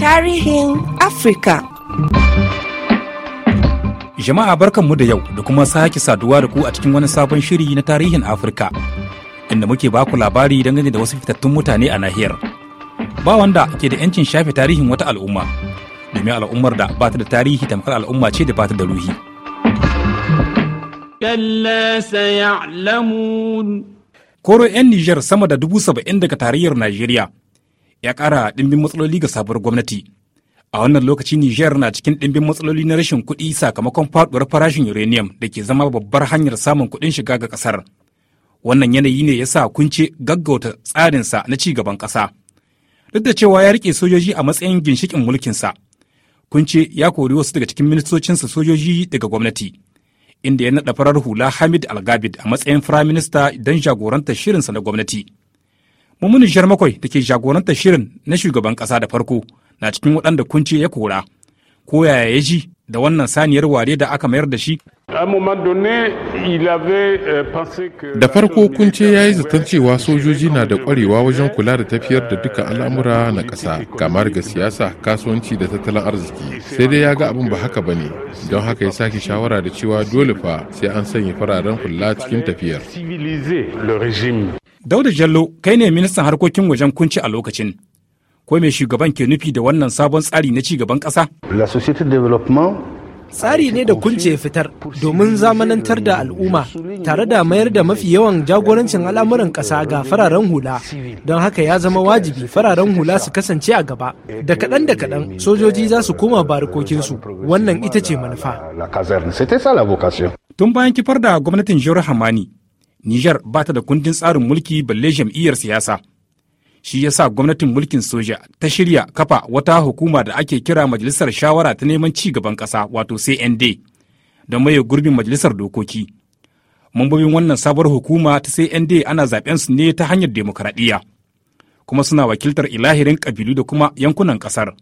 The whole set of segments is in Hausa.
Tarihin Afrika Jama'a barkanmu da yau da kuma sake saduwa da ku a cikin wani sabon shiri na tarihin Afirka inda muke baku labari dangane da wasu fitattun mutane a nahiyar. Ba wanda ke da 'yancin shafe tarihin wata al'umma, domin al'ummar da ba ta da tarihi tamkar al'umma ce da ba ta da ruhi. Koro 'yan Nijar sama da dubu saba'in daga tarayyar Najeriya ya ƙara ɗimbin matsaloli ga sabuwar gwamnati. A wannan lokaci Nijar na cikin ɗimbin matsaloli na rashin kuɗi sakamakon faɗuwar farashin uranium da ke zama babbar hanyar samun kuɗin shiga ga ƙasar. Wannan yanayi ne ya sa kunce gaggauta tsarinsa na ci gaban ƙasa. Duk da cewa ya riƙe sojoji a matsayin ginshiƙin mulkinsa, kunce ya kori wasu daga cikin ministocinsa sojoji daga gwamnati. Inda ya naɗa farar hula Hamid Algabid a matsayin firaminista don jagorantar shirinsa na gwamnati. Mumuni Jar Makwai da ke jagorantar shirin na shugaban ƙasa da farko na cikin waɗanda kunce ya kora. Ko yaya ya ji da wannan saniyar ware da aka mayar da shi? Euh, da farko kunce ya yi zaton cewa sojoji na da kwarewa wajen kula da tafiyar da duka al'amura na ƙasa, kamar ga siyasa, kasuwanci da tattalin arziki. Sai dai ya ga abin ba haka ba ne, don haka ya sake shawara da cewa dole fa sai an sanya fararen kula cikin tafiyar. Dauda Jallo kai ne ministan harkokin wajen kunci a lokacin. Ko mai shugaban ke nufi da wannan sabon tsari na cigaban ƙasa? La tsari ne da kunce fitar domin zamanantar da al'umma tare da mayar da mafi yawan jagorancin al'amuran ƙasa ga fararen hula don haka ya zama wajibi fararen hula su kasance a gaba da kaɗan da kaɗan sojoji za su koma barikokinsu wannan ita ce manufa tun bayan kifar da gwamnatin jihar hamani Nijar ba ta da kundin tsarin mulki balle jam'iyyar siyasa. Shi ya sa gwamnatin mulkin soja ta shirya kafa wata hukuma da ake kira Majalisar Shawara ta neman ci gaban ƙasa wato CND da maye gurbin Majalisar Dokoki. Mambobin wannan sabuwar hukuma ta CND ana zaben su ne ta hanyar demokaradiyya kuma suna wakiltar ilahirin kabilu da kuma yankunan ƙasar.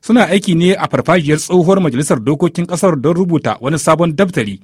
Suna aiki ne a farfajiyar tsohuwar Majalisar Dokokin ƙasar don rubuta wani sabon daftari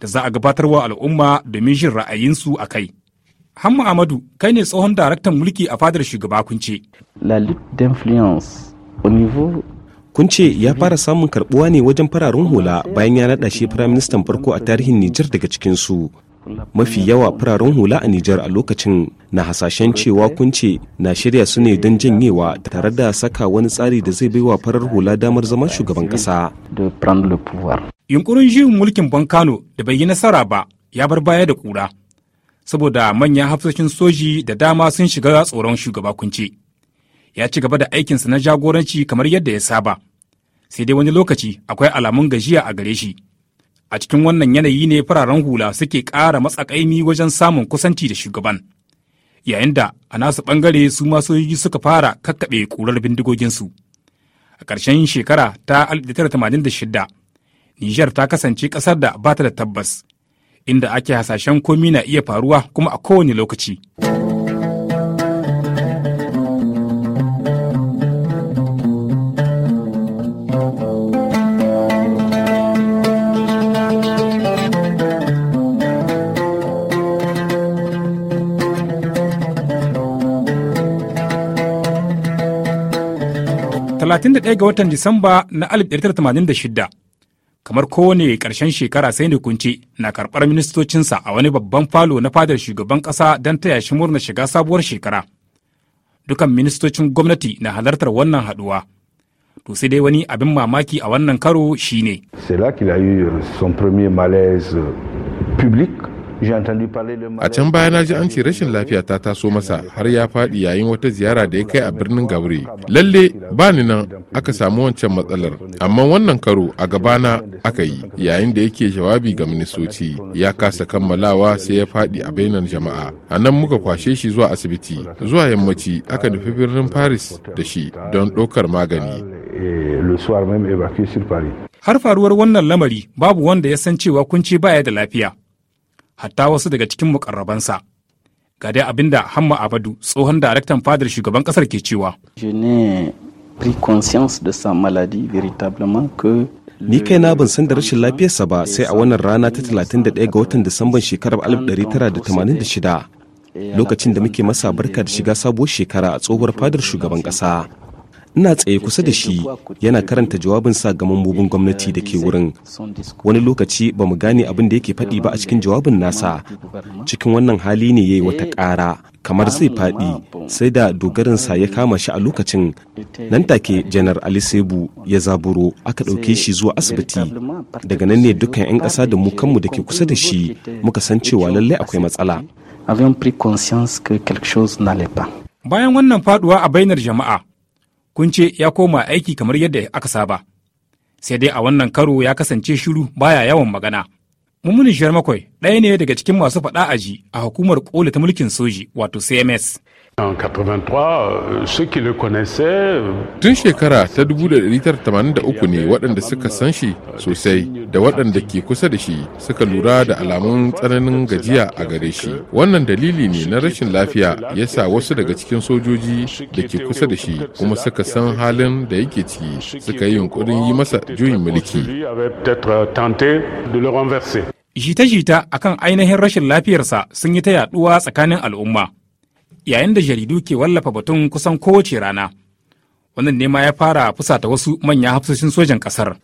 da za a gabatar wa al'umma domin jin ra'ayinsu a kai. Hamma Amadu kai ne tsohon daraktan mulki a fadar shugaba kunce. ya fara samun karbuwa ne wajen fararen hula bayan ya naɗa shi firaministan farko a tarihin Nijar daga cikinsu. Mafi yawa fararen hula a Nijar a lokacin na hasashen cewa kunce na shirya su ne don janyewa tare da saka wani tsari da zai baiwa farar hula damar zama shugaban ƙasa. yunkurin jin mulkin bankano da bai yi nasara ba ya bar baya da kura saboda manyan hafsoshin soji da dama sun shiga tsoron shugaba kunce ya ci gaba da aikinsa na jagoranci kamar yadda ya saba sai dai wani lokaci akwai alamun gajiya a gare shi a cikin wannan yanayi ne fararen hula suke ƙara matsakaimi wajen samun kusanci da shugaban yayin da a nasu ɓangare su sojoji suka fara kakkaɓe ƙurar bindigoginsu a ƙarshen shekara ta 1986 Nijar ta kasance ƙasar da ba ta da tabbas, inda ake hasashen komi na iya faruwa kuma a kowane lokaci. talatin ɗaya ga watan Disamba na 1986 kamar kowane ƙarshen shekara sai ne kunce na karɓar ministocinsa a wani babban falo na fadar shugaban ƙasa don taya shi murnar shiga sabuwar shekara dukan ministocin gwamnati na halartar wannan haɗuwa to sai dai wani abin mamaki a wannan karo shine c'est là qu'il a eu son premier malaise public A can baya na ji an ce rashin lafiya ta taso masa har ya faɗi yayin wata ziyara da ya kai a birnin gabri Lalle ba ni nan aka samu wancan matsalar, amma wannan karo a gabana aka yi yayin da yake jawabi ga ministoci ya kasa kammalawa sai ya faɗi a bainar jama'a. A nan muka kwashe shi zuwa asibiti, zuwa yammaci aka nufi birnin Paris da shi don ɗaukar magani. Har faruwar wannan lamari babu wanda ya san cewa kunci baya da lafiya. hatta wasu daga cikin mukarrabansa. Ga dai abin da Hamma Abadu tsohon daraktan fadar shugaban kasar ke cewa. ni kai na ban san da rashin lafiyarsa ba sai a wannan rana ta 31 ga watan Disamban shekarar 1986 lokacin da muke masa barka da shiga sabuwar shekara a tsohuwar fadar shugaban ƙasa. ina tsaye kusa da shi yana karanta jawabinsa ga mambobin gwamnati da ke wurin wani lokaci ba mu gane abin da yake faɗi ba a cikin jawabin nasa cikin wannan hali ne ya yi wata ƙara kamar zai faɗi sai da dogarinsa ya kama shi a lokacin nan take janar ali sebu ya zaburo aka ɗauke shi zuwa asibiti daga nan ne dukkan 'yan ƙasa da mu kanmu da ke kusa da shi muka san cewa lallai akwai matsala Bayan wannan faduwa a bainar jama'a, kun ce ya koma aiki kamar yadda aka saba sai dai a wannan karo ya kasance shiru baya yawan magana mummuni shiyar makwai ɗaya ne daga cikin masu faɗa aji a hukumar ƙola ta mulkin soji wato cms Euh, euh, Tun shekara ta 1983 ne waɗanda suka san shi sosai da waɗanda ke kusa da shi suka lura da alamun tsananin gajiya a gare shi. Wannan dalili ne na rashin lafiya ya sa wasu daga cikin sojoji da ke kusa da shi kuma suka san halin da yake ciki suka yi yunkurin yi masa juyin mulki. Euh, Jita-jita akan ainihin rashin lafiyarsa sun yi ta yaduwa tsakanin al'umma. yayin da jaridu ke wallafa batun kusan kowace rana wannan nema ya fara fusata wasu manyan hafsoshin sojan kasar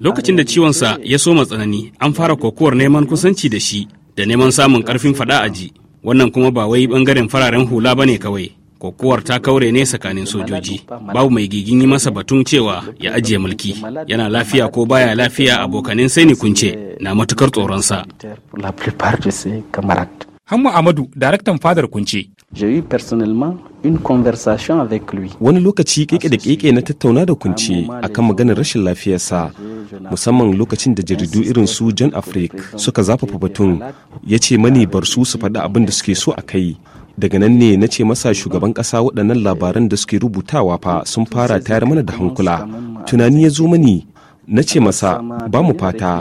lokacin da ciwon sa ya soma tsanani an fara kokowar neman kusanci da shi da neman samun karfin fada ji wannan kuma ba wai bangaren fararen hula ba ne kawai kokowar ta kaure ne tsakanin sojoji babu mai gigin yi masa batun cewa ya ajiye mulki yana lafiya ko baya lafiya abokanin sai ni kunce na matukar tsoronsa Hamma Amadu, daraktan fadar kunce. Wani lokaci keke da keke na tattauna da kunce akan maganar rashin lafiyarsa musamman lokacin da jaridu irin su John Afrik suka zafafa batun ya ce mani bar su su faɗi abin da suke so a kai. Daga nan ne na ce masa shugaban ƙasa waɗannan labaran da suke rubutawa fa sun fara tayar mana da hankula. Tunani ya zo mani na ce masa ba mu fata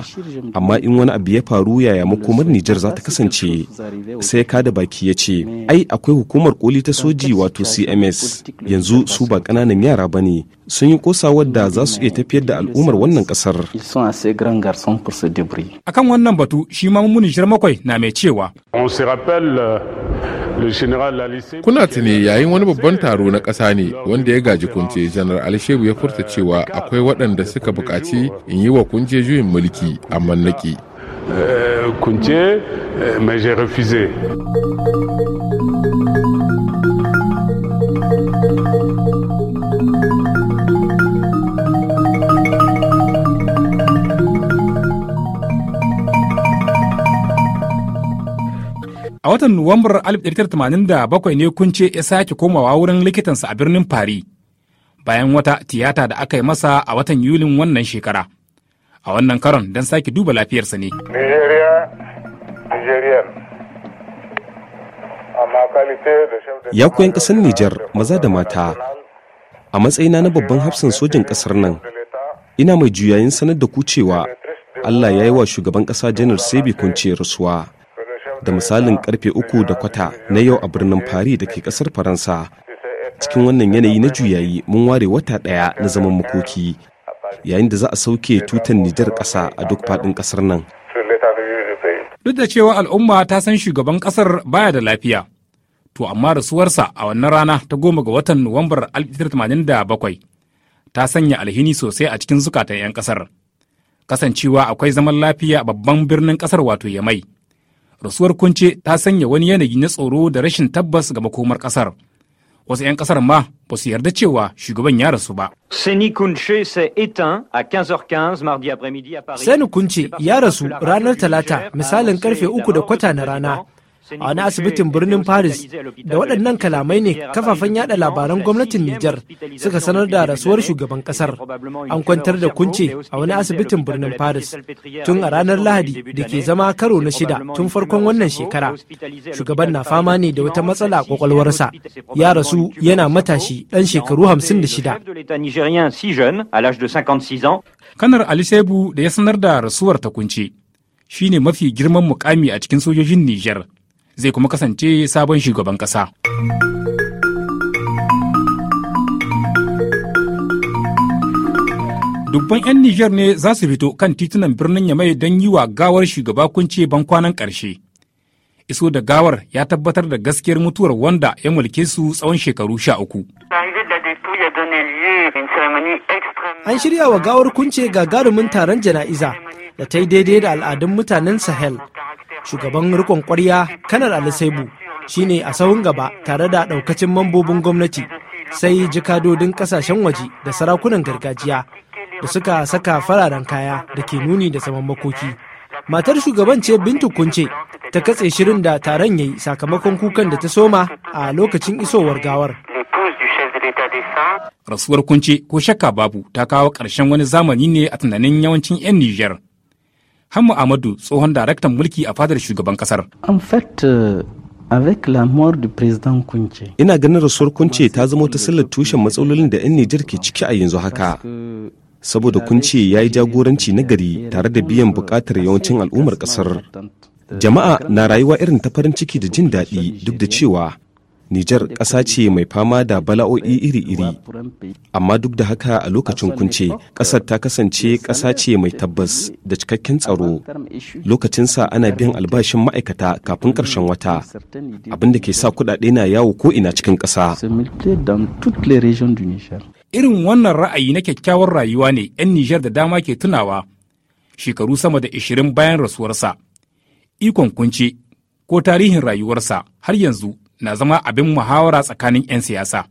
amma in wani abu ya faru yaya makomar nijar za ta kasance sai ka da baki ya ce ai akwai hukumar koli ta soji wato cms yanzu su ba kananan yara ba ne sun yi kosa wadda za su iya tafiyar da al'ummar wannan ƙasar akan wannan batu shi ma mummuni makwai na mai cewa Kuna tuni yayin wani babban taro na ƙasa ne wanda ya gaji kunce janar Alshebu ya furta cewa akwai waɗanda suka buƙaci in yi wa kunce juyin mulki amma naki. Eh, kunce, eh, mai A watan Nuwambar 1987 ne kunce ya sake komawa wurin likitansa a birnin Fari, bayan wata tiyata da aka yi masa a watan Yulin wannan shekara. A wannan karon don sake duba lafiyarsa ne. Ya koyan ƙasar Nijar maza da mata, a matsayina na babban hafsan sojin ƙasar nan, ina mai juyayin sanar da kucewa Allah ya yi wa shugaban ƙasa janar Sebi kunce rasuwa. da misalin karfe uku da kwata na yau a birnin Paris da ke kasar Faransa. Cikin wannan yanayi na juyayi mun ware wata ɗaya na zaman makoki yayin da za a sauke tutan Nijar kasa a duk fadin kasar nan. Duk da cewa al'umma ta san shugaban kasar baya da lafiya, to amma rasuwarsa a wannan rana ta goma ga watan Nuwambar 1987 ta sanya alhini sosai a cikin zukatan 'yan ƙasar. Kasancewa akwai zaman lafiya babban birnin kasar wato Yamai. rasuwar kunce ta sanya wani yanayi na tsoro da rashin tabbas ga makomar kasar wasu 'yan kasar ma ba su yarda cewa shugaban ya rasu ba. Seni Kunce ya rasu ranar Talata misalin karfe uku da kwata na rana a wani asibitin birnin paris da waɗannan kalamai ne kafafen yaɗa labaran gwamnatin nijar suka sanar da rasuwar shugaban kasar an kwantar da kunce a wani asibitin birnin paris tun a ranar lahadi da ke zama karo na shida tun farkon wannan shekara shugaban na fama ne da wata matsala a kwakwalwarsa ya rasu yana matashi ɗan shekaru hamsin da shida kanar alisebu da ya sanar da rasuwar ta kunce shine mafi girman mukami a cikin sojojin nijar zai kuma kasance sabon shugaban kasa. dubban 'yan Nijar ne za su fito kan titunan birnin Yamai don yi wa gawar shugaba kunce ban kwanan ƙarshe. Iso da gawar ya tabbatar da gaskiyar mutuwar wanda ya mulke su tsawon shekaru sha uku. An shirya wa gawar kunce ga garumin taron jana'iza da ta yi daidai da al'adun mutanen Sahel shugaban rikon kwarya kanar alisaibu shine a sahun gaba tare da daukacin mambobin gwamnati sai jikadodin kasashen waje da sarakunan gargajiya da suka saka fararen kaya da ke nuni da saman makoki matar shugaban ce bintu kunce ta katse shirin da taron yayi sakamakon kukan da ta soma a lokacin isowar gawar rasuwar kunce ko shakka babu ta kawo ƙarshen wani zamani ne a tunanin yawancin 'yan nijar Hammu Ahmadu tsohon daraktan mulki a fadar shugaban kasar. En fait, euh, avec la mort du président Kunce. Ina ganin rasuwar Kunce ta zama wata sallar tushen matsalolin da 'yan Nijar ke ciki a yanzu haka. Saboda Kunce ya yi jagoranci na gari tare da biyan bukatar yawancin al'ummar kasar. Euh, Jama'a na rayuwa irin ta farin ciki da jin daɗi duk da cewa Nijar ƙasa ce mai fama da bala'o'i iri-iri, amma duk da haka a lokacin kunce ƙasar ta kasance ƙasa ce mai tabbas da cikakken tsaro. Lokacinsa ana biyan albashin ma'aikata kafin ƙarshen wata, abin da ke sa kuɗaɗe na yawo ko ina cikin ƙasa. Irin wannan ra'ayi na kyakkyawar rayuwa ne 'yan Nijar da dama ke tunawa shekaru sama da ishirin bayan rasuwarsa. Ikon kunce ko tarihin rayuwarsa har yanzu na zama abin muhawara tsakanin 'yan siyasa.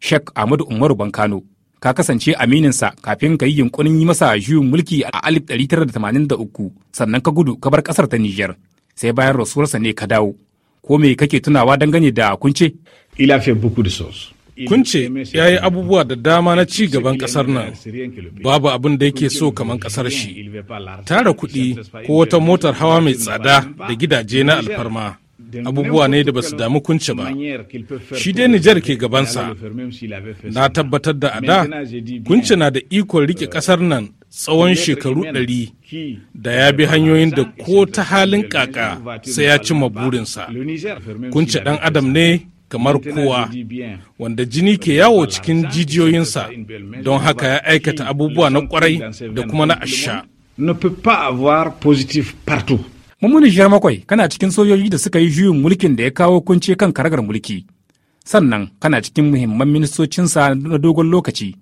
Sheikh Ahmadu Umaru Bankano ka kasance amininsa kafin ka yi yunkurin yi masa juyin mulki a alif 1983 sannan ka gudu ka bar ƙasar ta Nijar sai bayan rasuwarsa ne ka dawo. Ko me kake tunawa dangane da kunce? Kunce ya yi abubuwa da dama na ci gaban kasar nan babu abin da yake so kamar kasar shi. Tara kuɗi ko wata motar hawa mai tsada da gidaje na alfarma. abubuwa ne da ba su damu kunce ba shi dai nijar ke gabansa na tabbatar da a da kunce na da ikon rike kasar nan tsawon shekaru ɗari da ya bi hanyoyin da ko ta halin kaka sai ya cimma burinsa kunce ɗan adam ne kamar kowa wanda jini ke yawo cikin jijiyoyinsa don haka ya aikata abubuwa na kwarai da kuma na asha ne peut pas avoir positif Mummuni shi Makwai kana cikin sojoji da suka yi juyin mulkin da ya kawo kunce kan karagar mulki. Sannan kana cikin muhimman ministocinsa na dogon lokaci.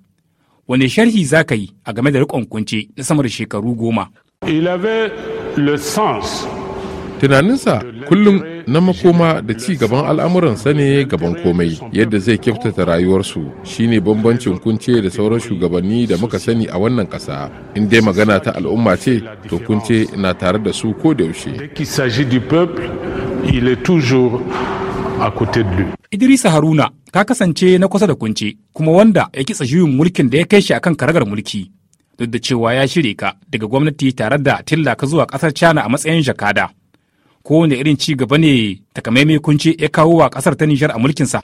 Wane sharhi za ka yi a game da riƙon kunce na sama da shekaru goma? Il avait le sens tunaninsa kullum na makoma da ci gaban al'amuransa ne gaban komai yadda zai kyautata rayuwarsu shine bambancin kunce da sauran shugabanni da muka sani a wannan kasa in dai magana ta al'umma ce to kunce na tare da su ko da yaushe Idrisa Haruna ka kasance na kusa da kunce kuma wanda ya kitsa juyin mulkin da ya kai shi akan karagar mulki duk da cewa ya shirya ka daga gwamnati tare da tilla zuwa kasar China a matsayin jakada. kowane irin ci gaba ne takamaimai kunci ya kawo wa kasar ta Nijar a mulkinsa.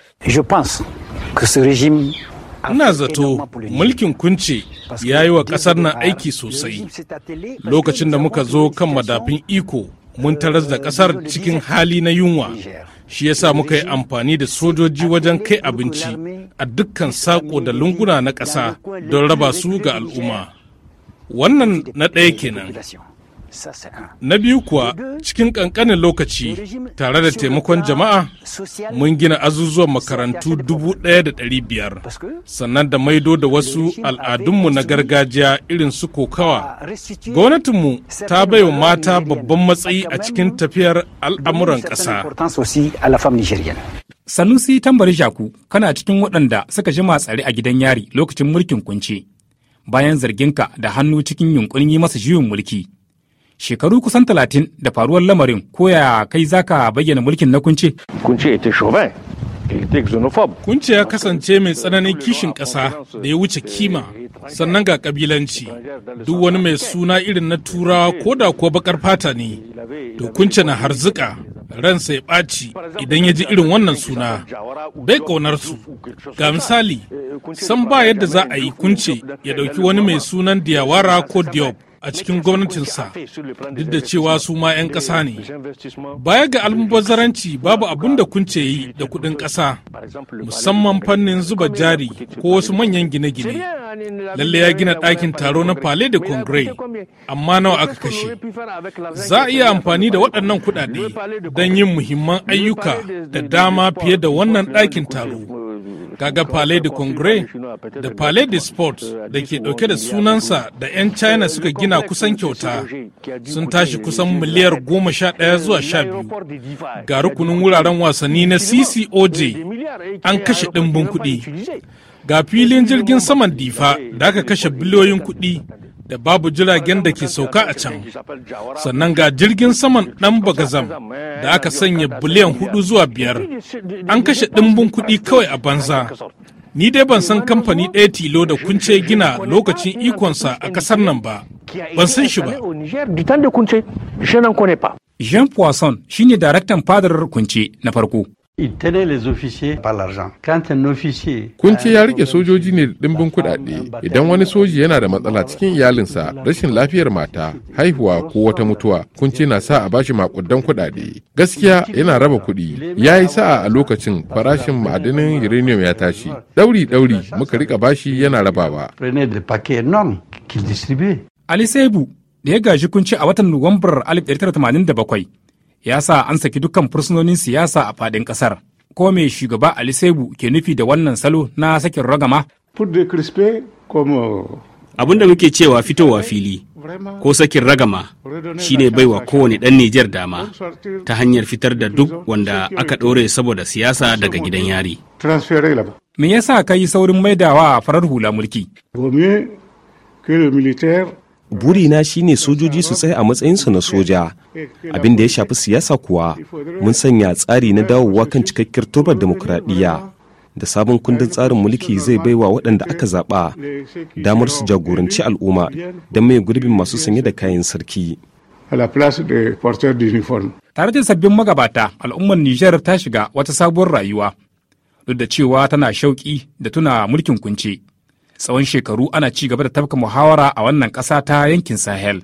Ina zato mulkin kunce ya yi wa ƙasar nan aiki sosai lokacin da muka zo kan madafin iko euh, mun taras da ƙasar cikin hali na yunwa shi yasa muka yi amfani da sojoji wajen kai abinci a dukkan saƙo da lunguna na ƙasa don raba su ga al'umma. Wannan na ɗaya kenan. Na biyu kuwa cikin ƙanƙanin lokaci tare da taimakon jama'a mun gina azuzuwan makarantu 1,500 sannan da maido da wasu al'adunmu na gargajiya irin su kokawa. Gwamnatinmu ta bai wa mata babban matsayi a cikin tafiyar al'amuran ƙasa. Sanusi tambari shaku kana cikin waɗanda suka jima tsare a gidan yari lokacin mulkin kunce bayan zarginka da hannu cikin yunkurin yi masa juyin mulki. shekaru kusan talatin da faruwar lamarin koya kai zaka bayyana mulkin na kunce. Kunce ita Kunce ya kasance mai tsananin kishin ƙasa da ya wuce kima sannan ga kabilanci, duk wani mai suna irin na turawa ko da kuwa bakar fata ne to kunce na harzuka ransa ya ɓaci idan ya ji irin wannan suna bai ƙaunar ga misali san ba yadda za a yi kunce ya ɗauki wani mai sunan diyawara ko diop a cikin gwamnatinsa duk da cewa su ma 'yan ƙasa ne baya ga almubazzaranci babu abin da kunce yi da kuɗin ƙasa musamman fannin zuba jari ko wasu manyan gine-gine lalle ya gina ɗakin taro na palais de congrès amma nawa aka kashe za a iya amfani da waɗannan kuɗaɗe don yin muhimman ayyuka da dama fiye da wannan ɗakin taro kaga palais de congrès da palais de sport da ke dauke da sunansa da 'yan china suka gina kusan kyauta sun tashi kusan miliyar goma sha ɗaya zuwa sha biyu ga rukunin wuraren wasanni na ccoj an kashe dimbin kudi ga filin jirgin saman difa da aka kashe biliyoyin kudi. da babu jiragen da ke sauka a can sannan ga jirgin saman ɗan bagazam da aka sanya biliyan hudu zuwa biyar an kashe ɗimbin kuɗi kawai a banza ni dai ban san kamfani ɗaya tilo da kunce gina lokacin ikonsa a ƙasar nan ba ban san shi ba jean poisson shine daraktan fadar kunce na farko Kun ce ya rike sojoji ne da ɗimbin kuɗaɗe idan wani soji yana da matsala cikin iyalinsa rashin lafiyar mata haihuwa ko wata mutuwa kun ce na sa a bashi makudan kuɗaɗe gaskiya yana raba kuɗi ya yi sa'a a lokacin farashin ma'adanin uranium ya tashi ɗauri ɗauri muka rika bashi yana rabawa. Ali Sebu da ya gaji kun ce a watan Nuwambar 1987 ya sa an saki dukkan fursunonin siyasa a fadin kasar Ko me shugaba Ali saibu ke nufi da wannan salo na sakin ragama? Euh, Abin da muke cewa fitowa fili ko sakin ragama shine baiwa kowane ɗan Nijar dama ta hanyar fitar da duk wanda aka ɗore saboda siyasa daga gidan yari. Me yasa ka yi saurin maidawa farar hula mulki? burina shine sojoji su tsaya a su na soja abin da ya shafi siyasa kuwa mun sanya tsari na dawowa kan cikakkiyar turbar demokuraɗiyya da sabon kundin tsarin mulki zai baiwa waɗanda aka zaɓa damar su jagoranci al'umma don mai gurbin masu sanye da kayan sarki tare da sabbin magabata al'ummar nijar ta shiga wata sabuwar rayuwa duk da cewa tana shauƙi da tuna mulkin kunce tsawon shekaru ana ci gaba da tafka muhawara a wannan ƙasa ta yankin sahel